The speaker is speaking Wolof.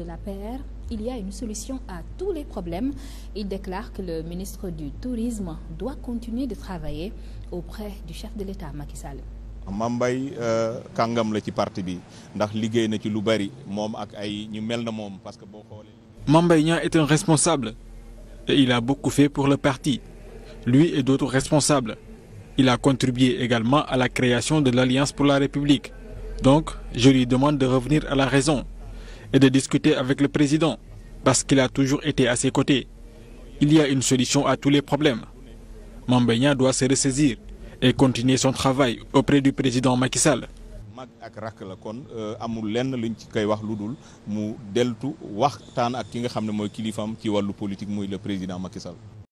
de la PR, il y a une solution à tous les problèmes. Il déclare que le ministre du Tourisme doit continuer de travailler auprès du chef de l'État, Macky Sall. Mame Mbaye euh, la ci parti bi ndax liggéey na ci lu bari moom ak ay ñu mel na moom parce que boo xoolee. Mame Mbaye Niang responsable et il a beaucoup fait pour le parti. Lui et d'autres responsables. Il a contribué également à la création de l'Alliance pour la République. Donc, je lui demande de revenir à la raison. et de discuter avec le président, parce qu'il a toujours été à ses côtés. Il y a une solution à tous les problèmes. Mambéna doit se ressaisir et continuer son travail auprès du président Macky Sall. mag ak rakk la kon euh, amul lenn luñ ci koy wax lu dul mu deltu waxtaan ak ki nga xam ne mooy kilifaam ci wàllu politique muy le président Macky